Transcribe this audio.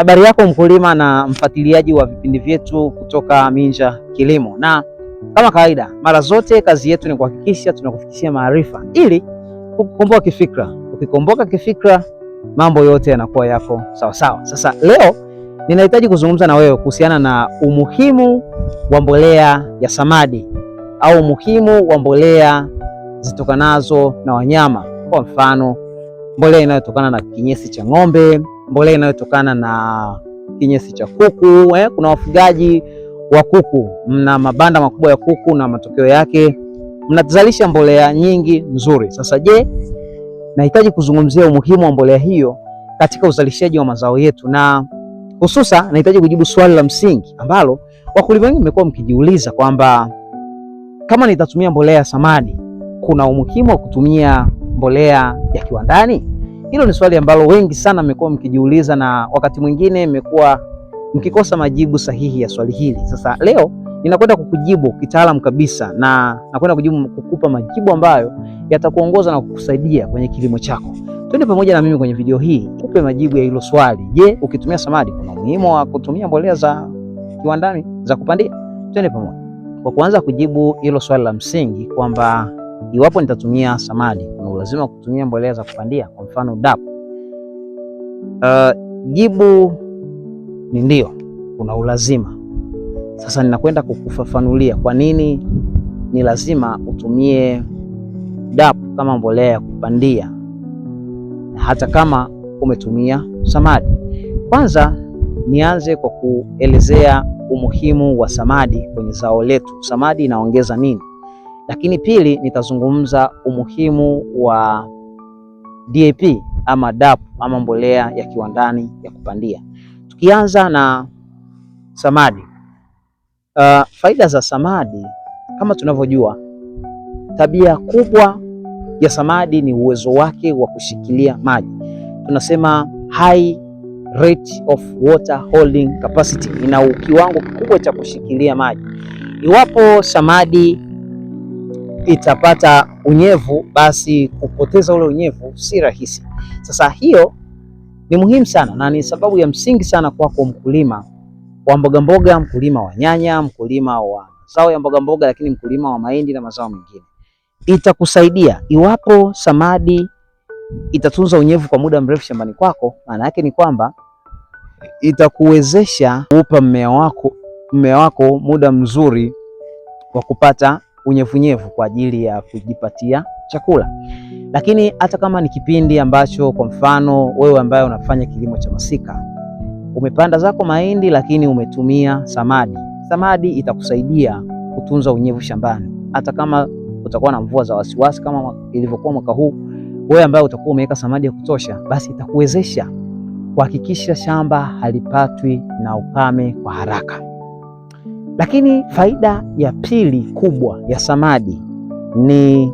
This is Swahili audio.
Habari yako mkulima na mfuatiliaji wa vipindi vyetu kutoka Minja Kilimo, na kama kawaida, mara zote kazi yetu ni kuhakikisha tunakufikishia maarifa ili kukukomboa kifikra. Ukikomboka kifikra, mambo yote yanakuwa yako sawa sawa. Sasa leo ninahitaji kuzungumza na wewe kuhusiana na umuhimu wa mbolea ya samadi au umuhimu wa mbolea zitokanazo na wanyama, kwa mfano mbolea inayotokana na kinyesi cha ng'ombe mbolea inayotokana na kinyesi cha kuku eh. Kuna wafugaji wa kuku, mna mabanda makubwa ya kuku na matokeo yake mnazalisha mbolea nyingi nzuri. Sasa je, nahitaji kuzungumzia umuhimu wa mbolea hiyo katika uzalishaji wa mazao yetu, na hususa nahitaji kujibu swali la msingi ambalo wakulima wengi wamekuwa mkijiuliza kwamba kama nitatumia mbolea ya samadi, kuna umuhimu wa kutumia mbolea ya kiwandani? Hilo ni swali ambalo wengi sana mmekuwa mkijiuliza na wakati mwingine mmekuwa mkikosa majibu sahihi ya swali hili. Sasa leo ninakwenda kukujibu kitaalam kabisa na nakwenda kujibu kukupa majibu ambayo yatakuongoza na kukusaidia kwenye kilimo chako. Twende pamoja na mimi kwenye video hii, kupe majibu ya hilo swali. Je, ukitumia samadi kuna umuhimu wa kutumia mbolea za kiwandani za kupandia? Twende pamoja. Kwa kuanza kujibu hilo swali la msingi kwamba iwapo nitatumia samadi lazima kutumia mbolea za kupandia, kwa mfano DAP? Uh, eh, jibu ni ndio, kuna ulazima. Sasa ninakwenda kukufafanulia kwa nini ni lazima utumie DAP kama mbolea ya kupandia hata kama umetumia samadi. Kwanza nianze kwa kuelezea umuhimu wa samadi kwenye zao letu. Samadi inaongeza nini? Lakini pili, nitazungumza umuhimu wa DAP ama DAP ama mbolea ya kiwandani ya kupandia. Tukianza na samadi. Uh, faida za samadi kama tunavyojua, tabia kubwa ya samadi ni uwezo wake wa kushikilia maji, tunasema high rate of water holding capacity, ina kiwango kikubwa cha kushikilia maji. Iwapo samadi itapata unyevu, basi kupoteza ule unyevu si rahisi. Sasa hiyo ni muhimu sana na ni sababu ya msingi sana kwako mkulima wa mbogamboga, mkulima wa nyanya, mkulima wa mazao ya mbogamboga, lakini mkulima wa mahindi na mazao mengine, itakusaidia iwapo samadi itatunza unyevu kwa muda mrefu shambani kwako. Maana yake ni kwamba itakuwezesha kuupa mmea wako, mmea wako muda mzuri wa kupata unyevunyevu kwa ajili ya kujipatia chakula. Lakini hata kama ni kipindi ambacho kwa mfano wewe ambaye unafanya kilimo cha masika umepanda zako mahindi, lakini umetumia samadi, samadi itakusaidia kutunza unyevu shambani, hata kama utakuwa na mvua za wasiwasi kama ilivyokuwa mwaka huu. Wewe ambaye utakuwa umeweka samadi ya kutosha, basi itakuwezesha kuhakikisha shamba halipatwi na ukame kwa haraka. Lakini faida ya pili kubwa ya samadi ni